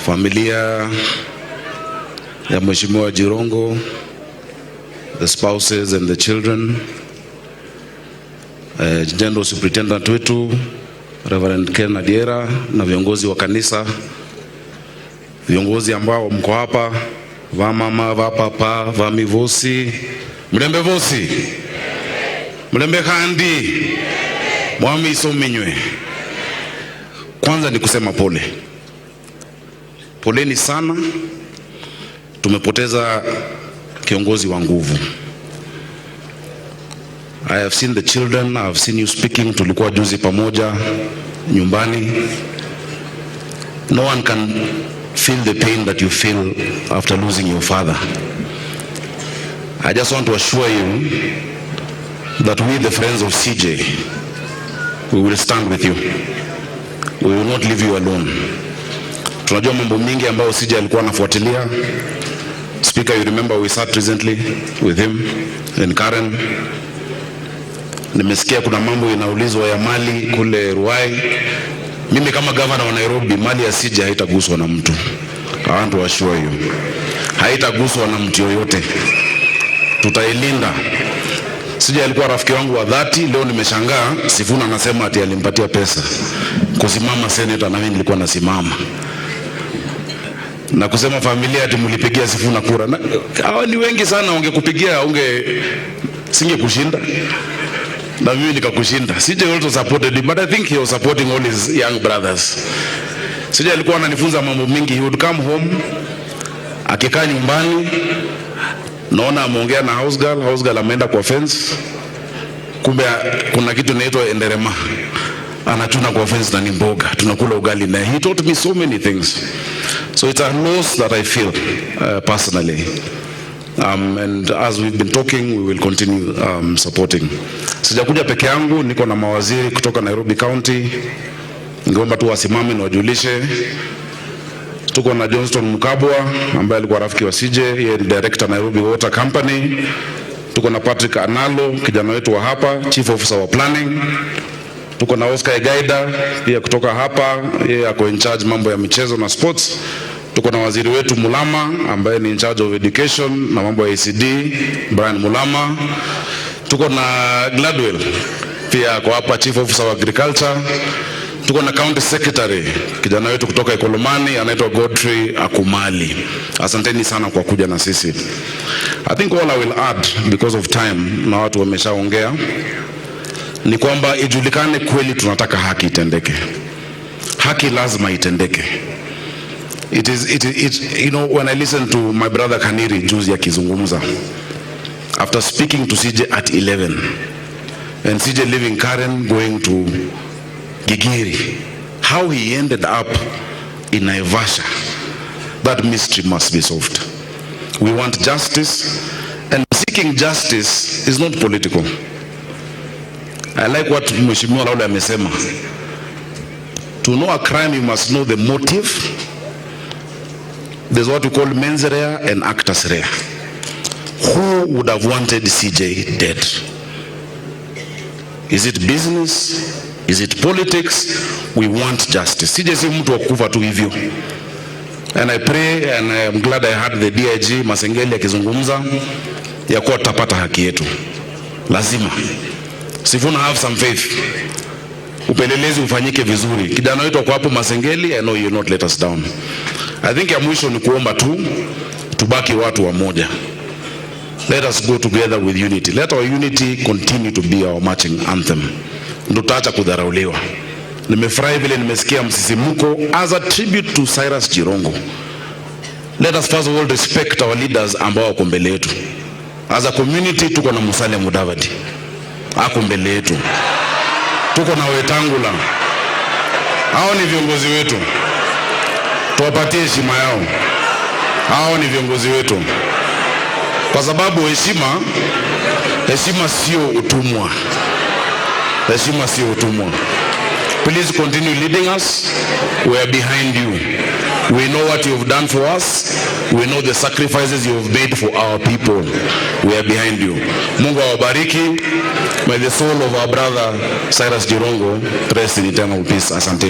familia ya Mheshimiwa Jirongo, the spouses and the children, uh, General Superintendent wetu Reverend Ken Adiera na viongozi wa kanisa, viongozi ambao mko hapa, vamama va mivosi mlembe vosi mlembe khandi mwami isominywe. Kwanza ni kusema pole Poleni sana, tumepoteza kiongozi wa nguvu. I have seen the children, I have seen you speaking. Tulikuwa juzi pamoja nyumbani. No one can feel the pain that you feel after losing your father. I just want to assure you that we the friends of CJ we will stand with you. We will not leave you alone. Tunajua mambo mingi ambayo Sija alikuwa anafuatilia. Speaker, you remember we sat recently with him and Karen. Nimesikia kuna mambo inaulizwa ya mali kule Ruai. Mimi kama governor wa Nairobi, mali ya Sija haitaguswa na mtu. I want to assure you. Haitaguswa na mtu yoyote, tutailinda. Sija alikuwa rafiki wangu wa dhati. Leo nimeshangaa Sifuna anasema ati alimpatia pesa kusimama seneta, na mimi nilikuwa nasimama na kusema familia ati mlipigia Sifuna kura. Hawa ni wengi sana, ungekupigia unge singekushinda na mimi nikakushinda. CJ also supported him, but I think he was supporting all his young brothers. CJ alikuwa ananifunza mambo mingi. He would come home, akikaa nyumbani naona ameongea na house girl, house girl ameenda kwa fence, kumbe kuna kitu inaitwa enderema, anachuna kwa fence na ni mboga, tunakula ugali na He taught me so many things. So it's a loss that I feel uh, personally. Um, and as we've been talking, we will continue um, supporting. Sijakuja peke yangu, niko na mawaziri kutoka Nairobi County. Ningeomba tu wasimame na wajulishe. Tuko na Johnston Mkabwa ambaye alikuwa rafiki wa CJ, yeye ni director Nairobi Water Company. Tuko na Patrick Analo, kijana wetu wa hapa, chief officer wa planning Tuko na Oscar Egaida pia kutoka hapa, yeye ako in charge mambo ya michezo na sports. Tuko na waziri wetu Mulama ambaye ni in charge of education na mambo ya ECD, Brian Mulama. Tuko na Gladwell pia ako hapa, chief officer of agriculture. Tuko na county secretary kijana wetu kutoka Ikolomani anaitwa Godfrey Akumali. Asanteni sana kwa kuja na sisi. I think all I will add because of time na watu wameshaongea ni kwamba ijulikane kweli tunataka haki itendeke. Haki lazima itendeke. It is, it, it, you know, when I listen to my brother Kaniri juzi akizungumza after speaking to CJ at 11 and CJ leaving Karen going to Gigiri how he ended up in Naivasha that mystery must be solved we want justice and seeking justice is not political I like what Mheshimiwa Laula amesema. To know a crime you must know the motive. There's what we call mens rea and actus rea. Who would have wanted CJ dead? Is it business? Is it politics? We want justice. CJ si mtu wa tu hivyo. And I pray and I am glad I heard the DIG Masengeli akizungumza ya kuwa tutapata haki yetu. Lazima. Sifuna have some faith. Upelelezi ufanyike vizuri. Kijana wetu kwa hapo Masengeli, I know you not let us down. I think ya mwisho ni kuomba tu tubaki watu wa moja. Let us go together with unity. Let our unity continue to be our marching anthem. Ndio tutaacha kudharauliwa. Nimefurahi vile nimesikia msisimuko as a tribute to Cyrus Jirongo. Let us first of all respect our leaders ambao wako mbele yetu. As a community tuko na Musalia Mudavadi ako mbele yetu, tuko na Wetangula. Hao ni viongozi wetu, tuwapatie heshima yao. Hao ni viongozi wetu, kwa sababu heshima, heshima sio utumwa. Heshima sio utumwa. Please continue leading us. We are behind you. We know what you've done for us. We know the sacrifices you've made for our people. We are behind you. Mungu awabariki. May the soul of our brother Cyrus Jirongo rest in eternal peace. Asante.